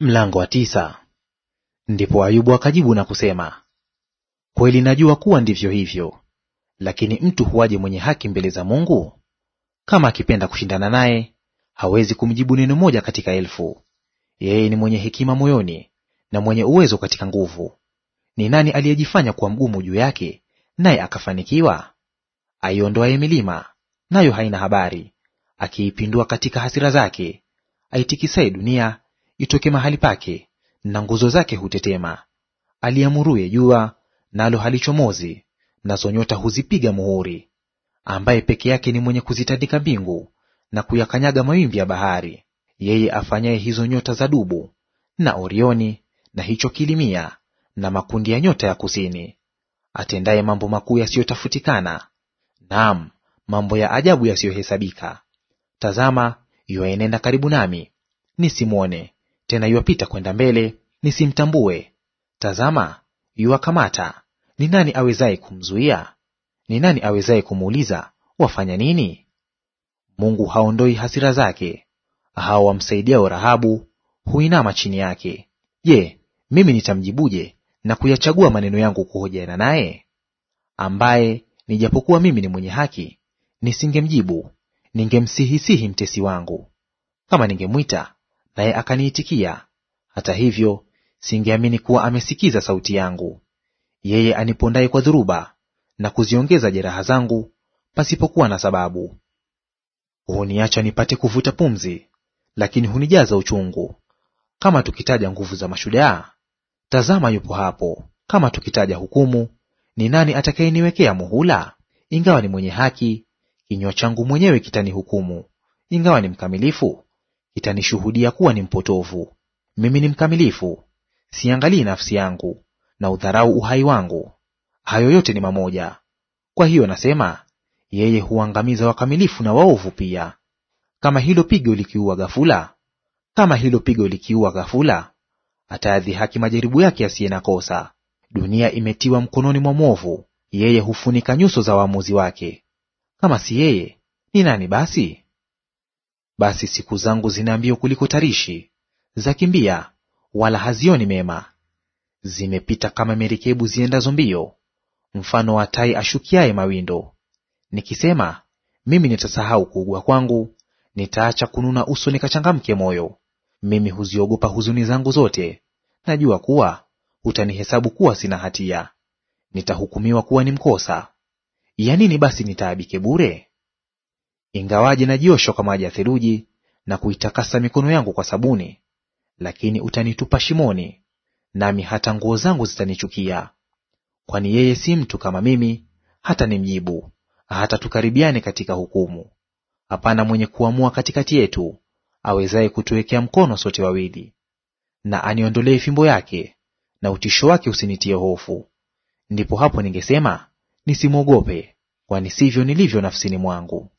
Mlango wa tisa. Ndipo Ayubu akajibu na kusema, kweli najua kuwa ndivyo hivyo, lakini mtu huwaje mwenye haki mbele za Mungu? Kama akipenda kushindana naye, hawezi kumjibu neno moja katika elfu. Yeye ni mwenye hekima moyoni na mwenye uwezo katika nguvu. Ni nani aliyejifanya kuwa mgumu juu yake, naye akafanikiwa? Aiondoaye milima, nayo haina habari, akiipindua katika hasira zake, aitikisaye dunia itoke mahali pake, na nguzo zake hutetema. Aliamuruye jua nalo halichomozi, nazo nyota huzipiga muhuri, ambaye peke yake ni mwenye kuzitandika mbingu na kuyakanyaga mawimbi ya bahari, yeye afanyaye hizo nyota za dubu na Orioni na hicho kilimia na makundi ya nyota ya kusini, atendaye mambo makuu yasiyotafutikana, naam, mambo ya ajabu yasiyohesabika. Tazama, yuaenenda karibu nami nisimwone, tena yuwapita kwenda mbele, nisimtambue. Tazama, yuwakamata. Ni nani awezaye kumzuia? Ni nani awezaye kumuuliza, wafanya nini? Mungu haondoi hasira zake. Hao wamsaidiao Rahabu huinama chini yake. Je, mimi nitamjibuje na kuyachagua maneno yangu kuhojiana naye? Ambaye nijapokuwa mimi ni mwenye haki, nisingemjibu; ningemsihisihi mtesi wangu. Kama ningemwita naye akaniitikia; hata hivyo singeamini kuwa amesikiza sauti yangu. Yeye anipondaye kwa dhuruba na kuziongeza jeraha zangu pasipokuwa na sababu. Huniacha nipate kuvuta pumzi, lakini hunijaza uchungu. Kama tukitaja nguvu za mashujaa, tazama yupo hapo; kama tukitaja hukumu, ni nani atakayeniwekea muhula? Ingawa ni mwenye haki, kinywa changu mwenyewe kitanihukumu. Ingawa ni mkamilifu, itanishuhudia kuwa ni mpotovu. Mimi ni mkamilifu, siangalii nafsi yangu, na udharau uhai wangu; hayo yote ni mamoja. Kwa hiyo nasema, yeye huangamiza wakamilifu na waovu pia. Kama hilo pigo likiua ghafula, kama hilo pigo likiua ghafula, atayadhihaki majaribu yake asiye na kosa. Dunia imetiwa mkononi mwa mwovu; yeye hufunika nyuso za waamuzi wake. Kama si yeye, ni nani basi? Basi siku zangu zina mbio kuliko tarishi, za kimbia wala hazioni mema. Zimepita kama merikebu ziendazo mbio, mfano wa tai ashukiaye mawindo. Nikisema, mimi nitasahau kuugua kwangu, nitaacha kununa uso, nikachangamke moyo. Mimi huziogopa huzuni zangu zote, najua kuwa hutanihesabu kuwa sina hatia. Nitahukumiwa kuwa ni mkosa. Ya nini basi nitaabike bure? Ingawaje najioshwa kwa maji ya theluji na kuitakasa mikono yangu kwa sabuni, lakini utanitupa shimoni, nami hata nguo zangu zitanichukia. Kwani yeye si mtu kama mimi, hata ni mjibu hata tukaribiane katika hukumu. Hapana mwenye kuamua katikati yetu awezaye kutuwekea mkono sote wawili. Na aniondolee fimbo yake, na utisho wake usinitie hofu. Ndipo hapo ningesema nisimwogope, kwani sivyo nilivyo nafsini mwangu.